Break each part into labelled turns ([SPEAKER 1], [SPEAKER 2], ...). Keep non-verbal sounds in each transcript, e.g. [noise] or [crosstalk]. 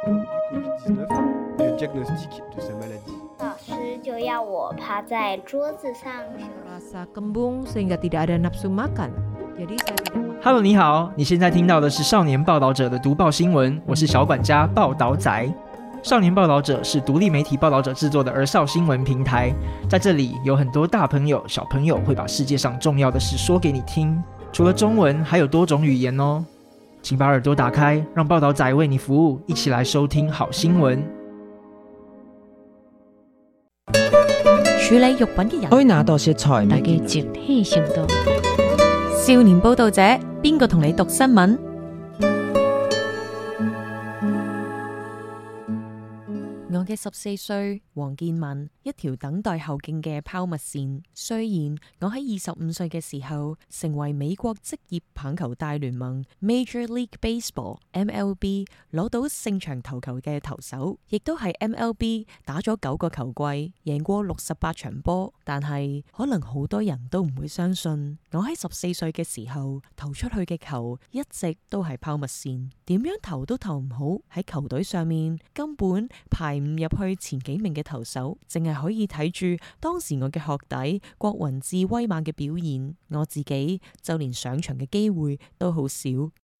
[SPEAKER 1] [music] 老師就要我趴在桌子上。我覺得腫脹，所以並沒有任何食慾。Hello，你好，你現在聽到的是少年報導者的讀報新聞，我是小管家報導仔。少年報導者是獨立媒體報導者製作的兒少新聞平台，在這裡有很多大朋友小朋友會把世界上重要的事說給你聽，除了中文，還有多種語言哦。請把耳朵打開，讓報道仔為你服務，一起來收聽好新聞。取 [music] 理玉品嘅人開那道食材，大家接聽 [music] 少年報道者，邊個同你讀新聞？嘅十四歲，王建民一條等待後勁嘅拋物線。雖然我喺二十五歲嘅時候成為美國職業棒球大聯盟 （Major League Baseball，MLB） 攞到勝場投球嘅投手，亦都係 MLB 打咗九個球季，贏過六十八場波。但係可能好多人都唔會相信，我喺十四歲嘅時候投出去嘅球一直都係拋物線，點樣投都投唔好，喺球隊上面根本排唔。入去前幾名嘅投手，淨係可以睇住當時我嘅學弟郭泓志威猛嘅表現，我自己就連上場嘅機會都好少。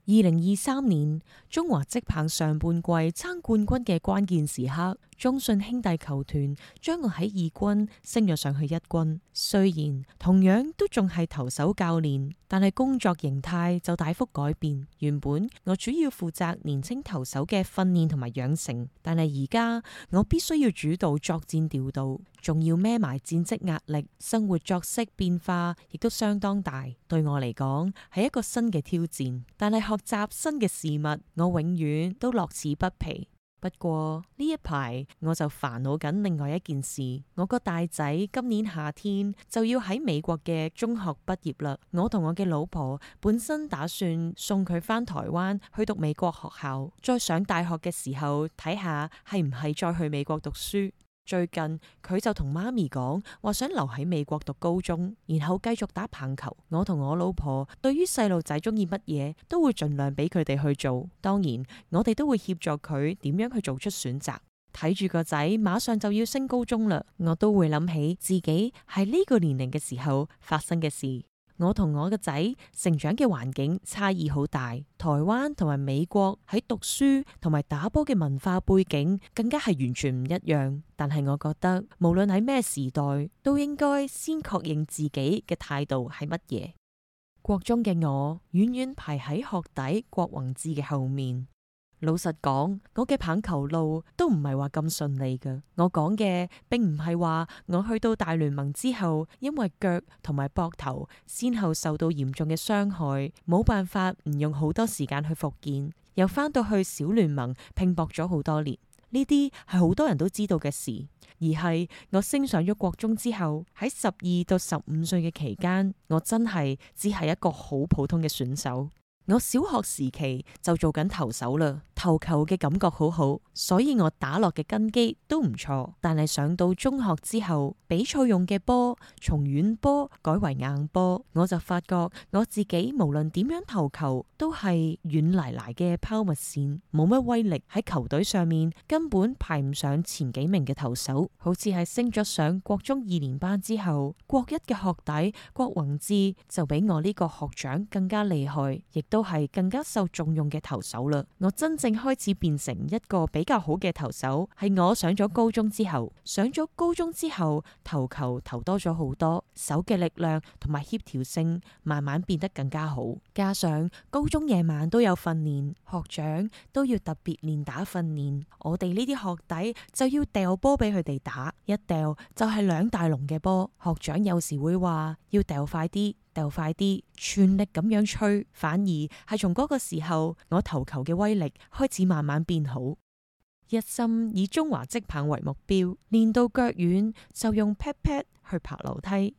[SPEAKER 1] 二零二三年中華職棒上半季爭冠軍嘅關鍵時刻，中信兄弟球團將我喺二軍升咗上去一軍，雖然同樣都仲係投手教練，但係工作形態就大幅改變。原本我主要負責年輕投手嘅訓練同埋養成，但係而家我必須要主導作戰調度，仲要孭埋戰績壓力，生活作息變化亦都相當大。對我嚟講係一個新嘅挑戰，但係學習新嘅事物，我永遠都樂此不疲。不過呢一排我就煩惱緊另外一件事，我個大仔今年夏天就要喺美國嘅中學畢業啦。我同我嘅老婆本身打算送佢返台灣去讀美國學校，再上大學嘅時候睇下係唔係再去美國讀書。最近佢就同媽咪講話想留喺美國讀高中，然後繼續打棒球。我同我老婆對於細路仔中意乜嘢都會盡量俾佢哋去做，當然我哋都會協助佢點樣去做出選擇。睇住個仔馬上就要升高中嘞，我都會諗起自己喺呢個年齡嘅時候發生嘅事。我同我嘅仔成長嘅環境差異好大，台灣同埋美國喺讀書同埋打波嘅文化背景更加係完全唔一樣。但係我覺得無論喺咩時代，都應該先確認自己嘅態度係乜嘢。國中嘅我遠遠排喺學弟郭泓志嘅後面。老實講，我嘅棒球路都唔係話咁順利嘅。我講嘅並唔係話我去到大聯盟之後，因為腳同埋膊頭先後受到嚴重嘅傷害，冇辦法唔用好多時間去復健，又翻到去小聯盟拼搏咗好多年。呢啲係好多人都知道嘅事，而係我升上咗國中之後，喺十二到十五歲嘅期間，我真係只係一個好普通嘅選手。我小學時期就做緊投手啦，投球嘅感覺好好，所以我打落嘅根基都唔錯。但係上到中學之後，比賽用嘅波從軟波改為硬波，我就發覺我自己無論點樣投球都係軟泥泥嘅拋物線，冇乜威力。喺球隊上面根本排唔上前幾名嘅投手，好似係升咗上國中二年班之後，國一嘅學弟郭泓志就比我呢個學長更加厲害，亦都。都係更加受重用嘅投手嘞。我真正開始變成一個比較好嘅投手，係我上咗高中之後。上咗高中之後，投球投多咗好多，手嘅力量同埋協調性慢慢變得更加好。加上高中夜晚都有訓練，學長都要特別練打訓練，我哋呢啲學弟就要掉波俾佢哋打，一掉就係、是、兩大籠嘅波。學長有時會話要掉快啲。又快啲，全力咁樣吹，反而係從嗰個時候，我投球嘅威力開始慢慢變好。一心以中華職棒為目標，練到腳軟就用 pat pat 去爬樓梯。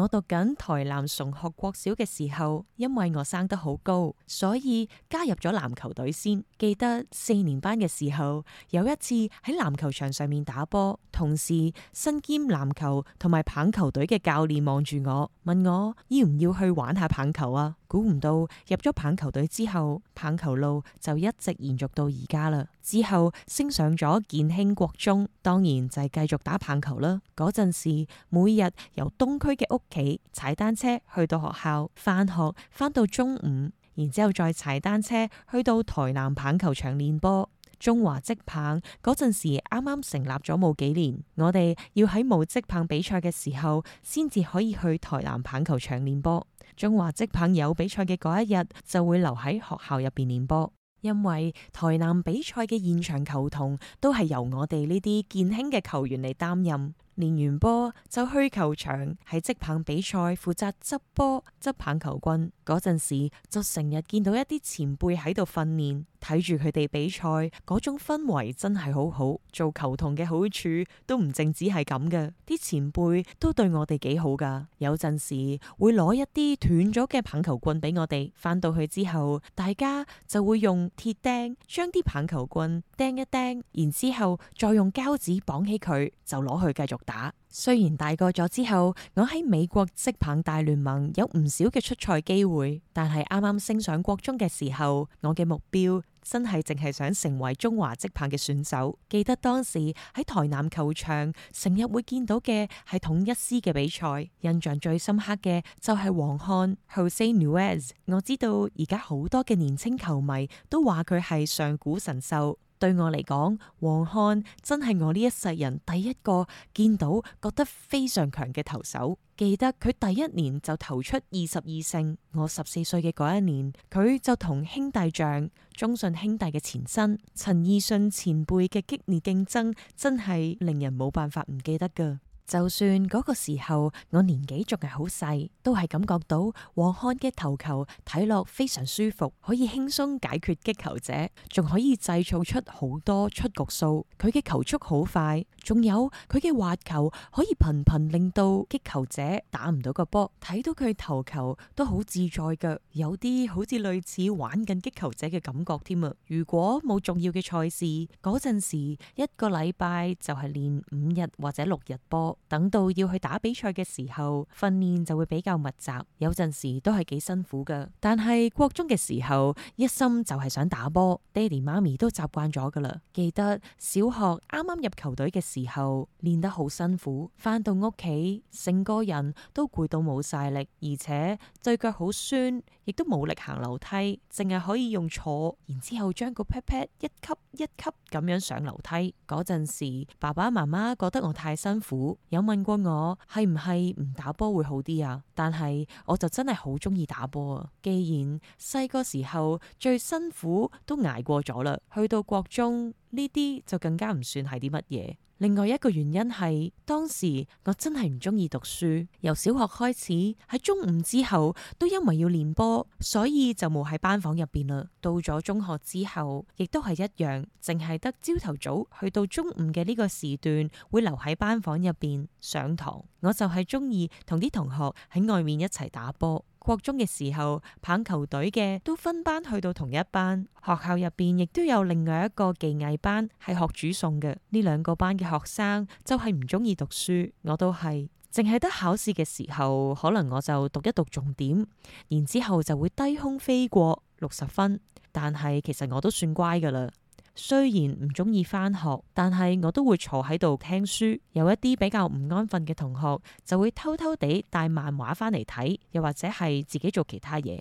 [SPEAKER 1] 我讀緊台南崇學國小嘅時候，因為我生得好高，所以加入咗籃球隊先。記得四年班嘅時候，有一次喺籃球場上面打波，同時身兼籃球同埋棒球隊嘅教練望住我，問我要唔要去玩下棒球啊？估唔到入咗棒球隊之後，棒球路就一直延續到而家啦。之後升上咗建興國中，當然就係繼續打棒球啦。嗰陣時，每日由東區嘅屋企踩單車去到學校，翻學翻到中午，然之後再踩單車去到台南棒球場練波。中華職棒嗰陣時啱啱成立咗冇幾年，我哋要喺冇職棒比賽嘅時候，先至可以去台南棒球場練波。中華職棒有比賽嘅嗰一日，就會留喺學校入邊練波，因為台南比賽嘅現場球童都係由我哋呢啲年輕嘅球員嚟擔任。練完波就去球場，喺職棒比賽負責執波執棒球棍。嗰陣時就成日見到一啲前輩喺度訓練，睇住佢哋比賽，嗰種氛圍真係好好。做球童嘅好處都唔淨止係咁嘅，啲前輩都對我哋幾好噶。有陣時會攞一啲斷咗嘅棒球棍俾我哋，翻到去之後，大家就會用鐵釘將啲棒球棍釘一釘，然之後再用膠紙綁起佢，就攞去繼續打。雖然大個咗之後，我喺美國職棒大聯盟有唔少嘅出賽機會，但係啱啱升上國中嘅時候，我嘅目標真係淨係想成為中華職棒嘅選手。記得當時喺台南球場，成日會見到嘅係統一獅嘅比賽，印象最深刻嘅就係黃漢 Jose Nuez。我知道而家好多嘅年輕球迷都話佢係上古神獸。對我嚟講，王翰真係我呢一世人第一個見到覺得非常強嘅投手。記得佢第一年就投出二十二勝。我十四歲嘅嗰一年，佢就同兄弟象中信兄弟嘅前身陳義信前輩嘅激烈競爭，真係令人冇辦法唔記得噶。就算嗰個時候我年紀仲係好細，都係感覺到王漢嘅投球睇落非常舒服，可以輕鬆解決擊球者，仲可以製造出好多出局數。佢嘅球速好快，仲有佢嘅滑球可以頻頻令到擊球者打唔到個波。睇到佢投球都好自在嘅，有啲好似類似玩緊擊球者嘅感覺添啊！如果冇重要嘅賽事，嗰陣時一個禮拜就係練五日或者六日波。等到要去打比賽嘅時候，訓練就會比較密集，有陣時都係幾辛苦噶。但係國中嘅時候，一心就係想打波，爹哋媽咪都習慣咗噶啦。記得小學啱啱入球隊嘅時候，練得好辛苦，翻到屋企成個人都攰到冇晒力，而且對腳好酸，亦都冇力行樓梯，淨係可以用坐，然之後將個 pat pat 一級一級咁樣上樓梯。嗰陣時，爸爸媽媽覺得我太辛苦。有問過我係唔係唔打波會好啲啊？但係我就真係好中意打波啊！既然細個時候最辛苦都挨過咗啦，去到國中呢啲就更加唔算係啲乜嘢。另外一個原因係，當時我真係唔鍾意讀書。由小學開始，喺中午之後都因為要練波，所以就冇喺班房入邊啦。到咗中學之後，亦都係一樣，淨係得朝頭早去到中午嘅呢個時段會留喺班房入邊上堂。我就係鍾意同啲同學喺外面一齊打波。國中嘅時候，棒球隊嘅都分班去到同一班，學校入邊亦都有另外一個技藝班係學煮餸嘅。呢兩個班嘅學生就係唔鍾意讀書，我都係。淨係得考試嘅時候，可能我就讀一讀重點，然之後就會低空飛過六十分。但係其實我都算乖噶啦。雖然唔中意返學，但係我都會坐喺度聽書。有一啲比較唔安分嘅同學，就會偷偷地帶漫畫返嚟睇，又或者係自己做其他嘢。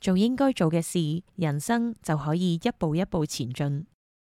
[SPEAKER 1] 做應該做嘅事，人生就可以一步一步前進。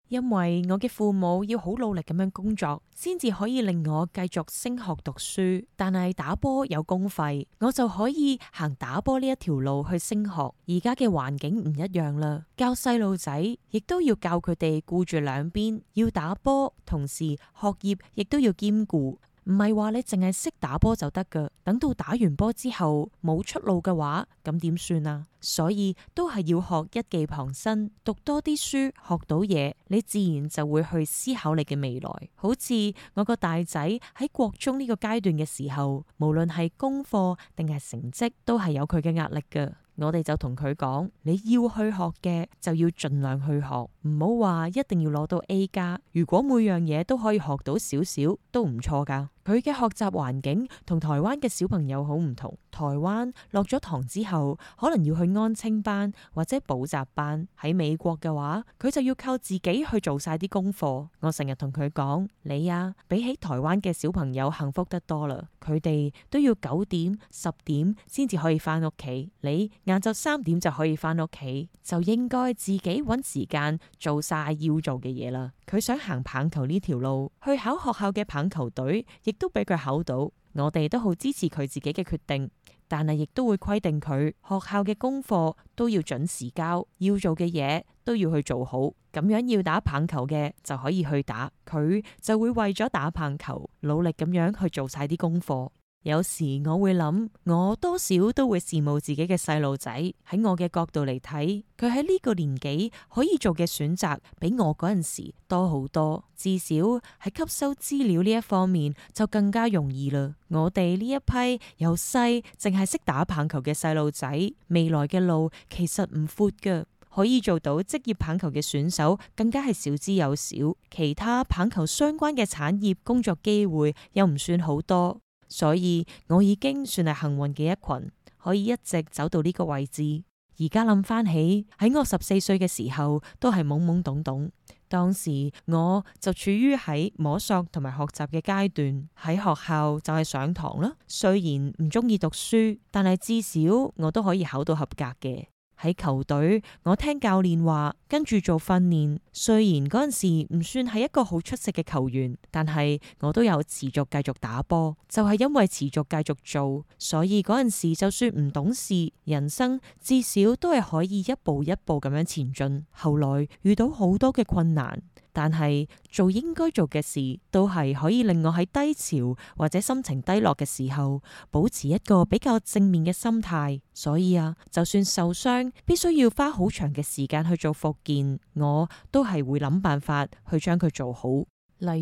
[SPEAKER 1] 因為我嘅父母要好努力咁樣工作，先至可以令我繼續升學讀書。但係打波有公費，我就可以行打波呢一條路去升學。而家嘅環境唔一樣啦，教細路仔亦都要教佢哋顧住兩邊，要打波，同時學業亦都要兼顧。唔係話你淨係識打波就得噶，等到打完波之後冇出路嘅話，咁點算啊？所以都係要學一技傍身，讀多啲書，學到嘢，你自然就會去思考你嘅未來。好似我個大仔喺國中呢個階段嘅時候，無論係功課定係成績，都係有佢嘅壓力噶。我哋就同佢講，你要去學嘅，就要盡量去學。唔好話一定要攞到 A 加，如果每樣嘢都可以學到少少，都唔錯噶。佢嘅學習環境同台灣嘅小朋友好唔同。台灣落咗堂之後，可能要去安親班或者補習班。喺美國嘅話，佢就要靠自己去做晒啲功課。我成日同佢講，你啊，比起台灣嘅小朋友幸福得多啦。佢哋都要九點、十點先至可以返屋企，你晏晝三點就可以返屋企，就應該自己搵時間。做晒要做嘅嘢啦，佢想行棒球呢條路，去考學校嘅棒球隊，亦都俾佢考到。我哋都好支持佢自己嘅決定，但係亦都會規定佢學校嘅功課都要準時交，要做嘅嘢都要去做好。咁樣要打棒球嘅就可以去打，佢就會為咗打棒球努力咁樣去做晒啲功課。有時我會諗，我多少都會羨慕自己嘅細路仔。喺我嘅角度嚟睇，佢喺呢個年紀可以做嘅選擇，比我嗰陣時多好多。至少喺吸收資料呢一方面就更加容易啦。我哋呢一批由細淨係識打棒球嘅細路仔，未來嘅路其實唔闊噶。可以做到職業棒球嘅選手更加係少之又少，其他棒球相關嘅產業工作機會又唔算好多。所以我已經算係幸運嘅一群，可以一直走到呢個位置。而家諗翻起喺我十四歲嘅時候，都係懵懵懂懂。當時我就處於喺摸索同埋學習嘅階段，喺學校就係上堂啦。雖然唔中意讀書，但係至少我都可以考到合格嘅。喺球隊，我聽教練話，跟住做訓練。雖然嗰陣時唔算係一個好出色嘅球員，但係我都有持續繼續打波。就係因為持續繼續做，所以嗰陣時就算唔懂事，人生至少都係可以一步一步咁樣前進。後來遇到好多嘅困難。但係做應該做嘅事，都係可以令我喺低潮或者心情低落嘅時候，保持一個比較正面嘅心態。所以啊，就算受傷，必須要花好長嘅時間去做復健，我都係會諗辦法去將佢做好。例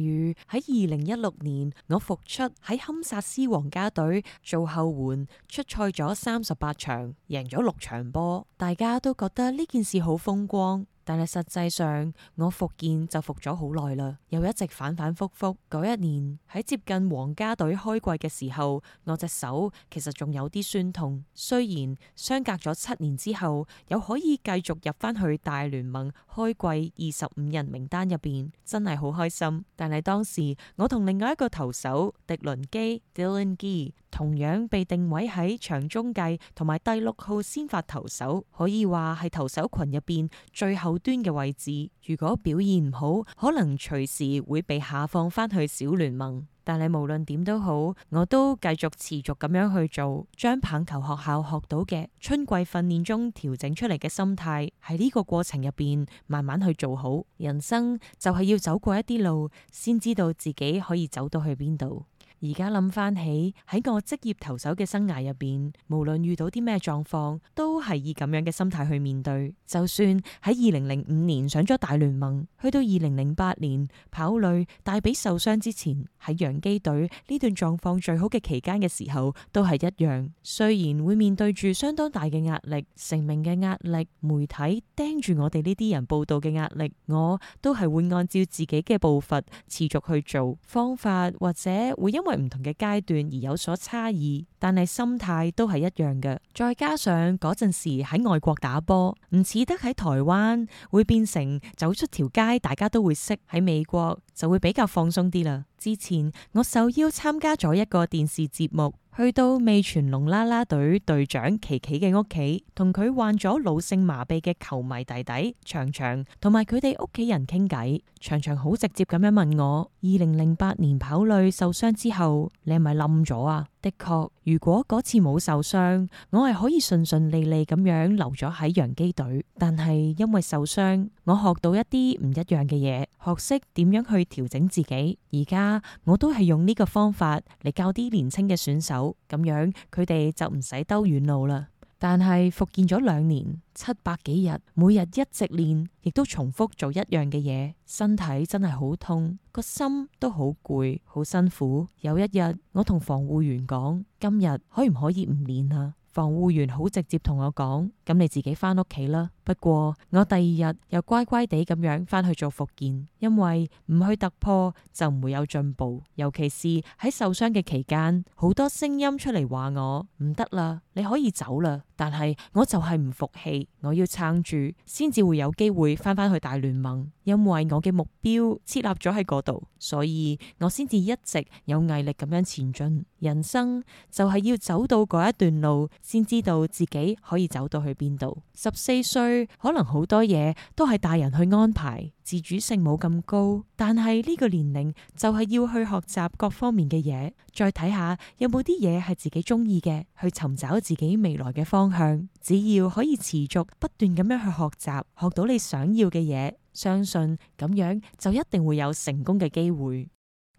[SPEAKER 1] 如喺二零一六年，我復出喺堪薩斯皇家隊做後援，出賽咗三十八場，贏咗六場波，大家都覺得呢件事好風光。但係實際上，我復健就復咗好耐啦，又一直反反复复。嗰一年喺接近皇家隊開季嘅時候，我隻手其實仲有啲酸痛。雖然相隔咗七年之後，又可以繼續入翻去大聯盟開季二十五人名單入邊，真係好開心。但係當時我同另外一個投手迪倫基 （Dylan Gee） 同樣被定位喺長中繼同埋第六號先發投手，可以話係投手群入邊最後端嘅位置，如果表現唔好，可能隨時會被下放返去小聯盟。但係無論點都好，我都繼續持續咁樣去做，將棒球學校學到嘅春季訓練中調整出嚟嘅心態，喺呢個過程入邊慢慢去做好。人生就係要走過一啲路，先知道自己可以走到去邊度。而家諗翻起喺我職業投手嘅生涯入邊，無論遇到啲咩狀況，都係以咁樣嘅心態去面對。就算喺二零零五年上咗大聯盟，去到二零零八年跑壘大髀受傷之前，喺洋基隊呢段狀況最好嘅期間嘅時候，都係一樣。雖然會面對住相當大嘅壓力、成名嘅壓力、媒體盯住我哋呢啲人報道嘅壓力，我都係會按照自己嘅步伐持續去做方法，或者會因。因為唔同嘅階段而有所差異，但係心態都係一樣嘅。再加上嗰陣時喺外國打波，唔似得喺台灣，會變成走出條街大家都會識。喺美國就會比較放鬆啲啦。之前我受邀參加咗一個電視節目。去到味全龍啦啦隊隊長琪琪嘅屋企，同佢患咗腦性麻痹嘅球迷弟弟長長同埋佢哋屋企人傾偈。長長好直接咁樣問我：二零零八年跑壘受傷之後，你係咪冧咗啊？的確，如果嗰次冇受傷，我係可以順順利利咁樣留咗喺洋基隊。但係因為受傷，我學到一啲唔一樣嘅嘢，學識點樣去調整自己。而家我都係用呢個方法嚟教啲年輕嘅選手，咁樣佢哋就唔使兜遠路啦。但係復健咗兩年，七百幾日，每日一直練，亦都重複做一樣嘅嘢，身體真係好痛，個心都好攰，好辛苦。有一日，我同防護員講：今日可唔可以唔練啊？防護員好直接同我講：咁你自己翻屋企啦。不過我第二日又乖乖地咁樣翻去做復健，因為唔去突破就唔會有進步。尤其是喺受傷嘅期間，好多聲音出嚟話我唔得啦，你可以走啦。但係我就係唔服氣，我要撐住先至會有機會翻返去大聯盟，因為我嘅目標設立咗喺嗰度，所以我先至一直有毅力咁樣前進。人生就係要走到嗰一段路，先知道自己可以走到去邊度。十四歲。可能好多嘢都係大人去安排，自主性冇咁高。但係呢個年齡就係要去學習各方面嘅嘢，再睇下有冇啲嘢係自己中意嘅，去尋找自己未來嘅方向。只要可以持續不斷咁樣去學習，學到你想要嘅嘢，相信咁樣就一定會有成功嘅機會。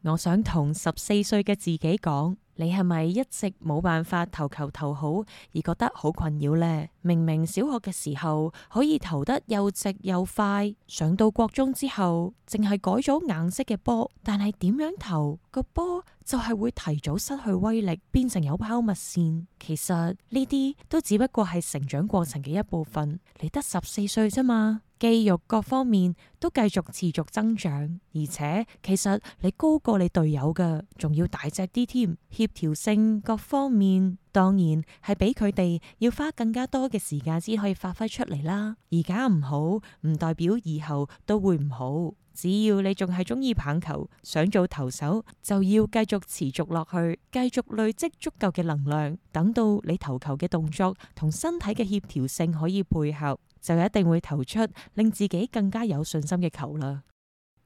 [SPEAKER 1] 我想同十四歲嘅自己講。你係咪一直冇辦法投球投好而覺得好困擾呢？明明小學嘅時候可以投得又直又快，上到國中之後淨係改咗硬式嘅波，但係點樣投個波就係會提早失去威力，變成有拋物線。其實呢啲都只不過係成長過程嘅一部分。你得十四歲啫嘛。肌肉各方面都繼續持續增長，而且其實你高過你隊友㗎，仲要大隻啲添，協調性各方面當然係比佢哋要花更加多嘅時間先可以發揮出嚟啦。而家唔好，唔代表以後都會唔好。只要你仲係鍾意棒球，想做投手，就要繼續持續落去，繼續累積足夠嘅能量，等到你投球嘅動作同身體嘅協調性可以配合，就一定會投出令自己更加有信心嘅球啦。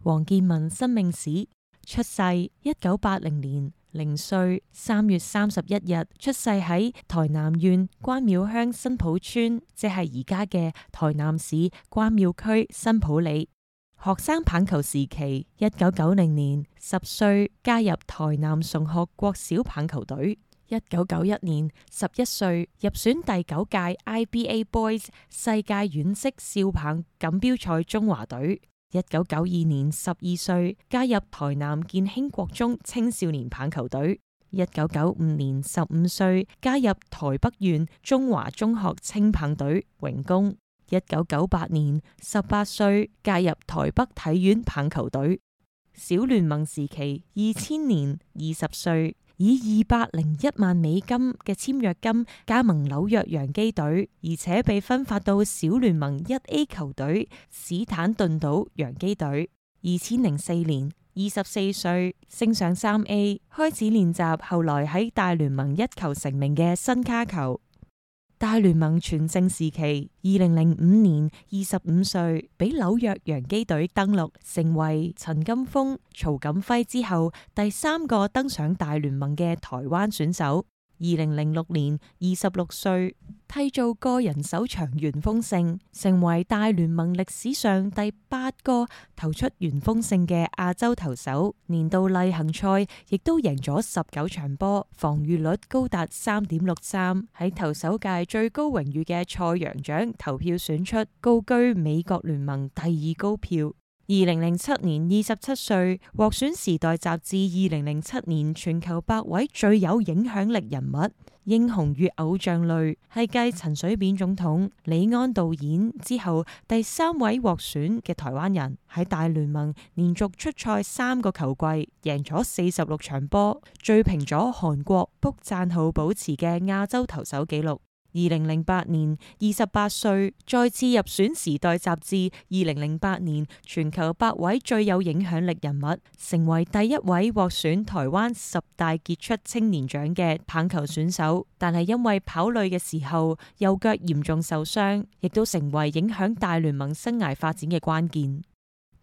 [SPEAKER 1] 王建民，生命史：出世一九八零年零歲三月三十一日，出世喺台南縣關廟鄉新埔村，即係而家嘅台南市關廟區新埔里。學生棒球時期：一九九零年十歲，加入台南崇學國小棒球隊。一九九一年十一歲入選第九屆 IBA Boys 世界軟式少棒錦標賽中華隊。一九九二年十二歲加入台南建興國中青少年棒球隊。一九九五年十五歲加入台北縣中華中學青棒隊榮工。一九九八年十八歲加入台北體院棒球隊。小聯盟時期，二千年二十歲。以二百零一萬美金嘅簽約金加盟紐約洋基隊，而且被分發到小聯盟一 A 球隊史坦頓島洋基隊。二千零四年，二十四歲升上三 A 開始練習，後來喺大聯盟一球成名嘅伸卡球。大聯盟全盛時期，二零零五年二十五歲，俾紐約洋基隊登陸，成為陳金鋒、曹錦輝之後第三個登上大聯盟嘅台灣選手。二零零六年，二十六歲締造個人首場完封勝，成為大聯盟歷史上第八個投出完封勝嘅亞洲投手。年度例行賽亦都贏咗十九場波，防禦率高達三點六三，喺投手界最高榮譽嘅賽揚獎投票選出，高居美國聯盟第二高票。二零零七年，二十七歲獲選《時代》雜誌二零零七年全球百位最有影響力人物，英雄與偶像類，係繼陳水扁總統、李安導演之後第三位獲選嘅台灣人。喺大聯盟連續出賽三個球季，贏咗四十六場波，追平咗韓國朴贊浩保持嘅亞洲投手紀錄。二零零八年，二十八歲再次入選《時代》雜誌二零零八年全球百位最有影響力人物，成為第一位獲選台灣十大傑出青年獎嘅棒球選手。但係因為跑壘嘅時候右腳嚴重受傷，亦都成為影響大聯盟生涯發展嘅關鍵。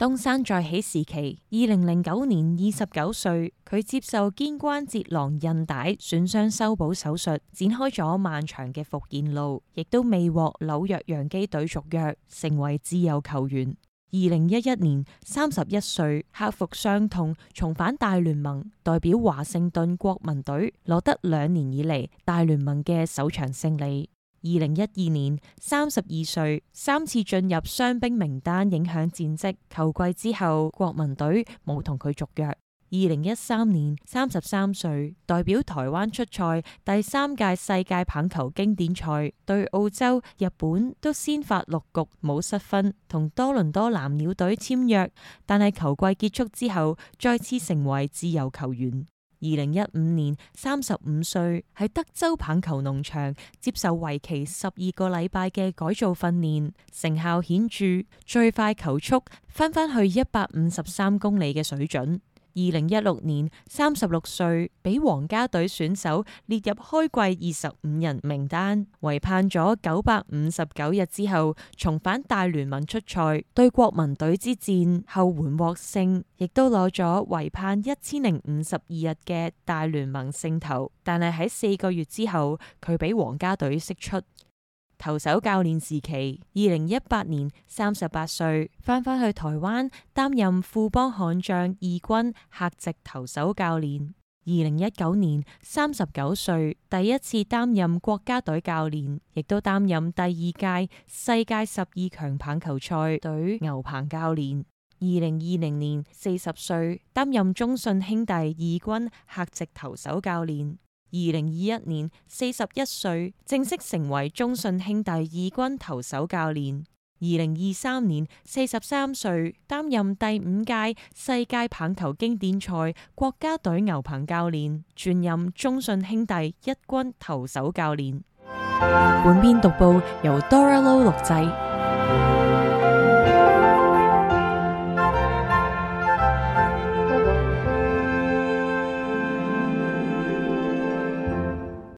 [SPEAKER 1] 東山再起時期，二零零九年二十九歲，佢接受肩關節囊韌帶損傷修補手術，展開咗漫長嘅復健路，亦都未獲紐約洋基隊續約，成為自由球員。二零一一年三十一歲，克服傷痛，重返大聯盟，代表華盛頓國民隊，獲得兩年以來大聯盟嘅首場勝利。二零一二年，三十二歲，三次進入傷兵名單影響戰績。球季之後，國民隊冇同佢續約。二零一三年，三十三歲，代表台灣出賽第三屆世界棒球經典賽，對澳洲、日本都先發六局冇失分，同多倫多藍鳥隊簽約，但係球季結束之後，再次成為自由球員。二零一五年三十五歲，喺德州棒球農場接受為期十二個禮拜嘅改造訓練，成效顯著，最快球速返返去一百五十三公里嘅水準。二零一六年三十六歲，俾皇家隊選手列入開季二十五人名單，維盼咗九百五十九日之後重返大聯盟出賽，對國民隊之戰後援獲勝，亦都攞咗維盼一千零五十二日嘅大聯盟勝投。但係喺四個月之後，佢俾皇家隊釋出。投手教練時期，二零一八年三十八歲，翻返去台灣擔任富邦悍將二軍客席投手教練。二零一九年三十九歲，第一次擔任國家隊教練，亦都擔任第二屆世界十二強棒球賽隊牛棚教練。二零二零年四十歲，擔任中信兄弟二軍客席投手教練。二零二一年，四十一歲正式成為中信兄弟二軍投手教練。二零二三年，四十三歲擔任第五屆世界棒球經典,典賽國家隊牛棚教練，轉任中信兄弟一軍投手教練。本篇讀報由 Dora Low 錄製。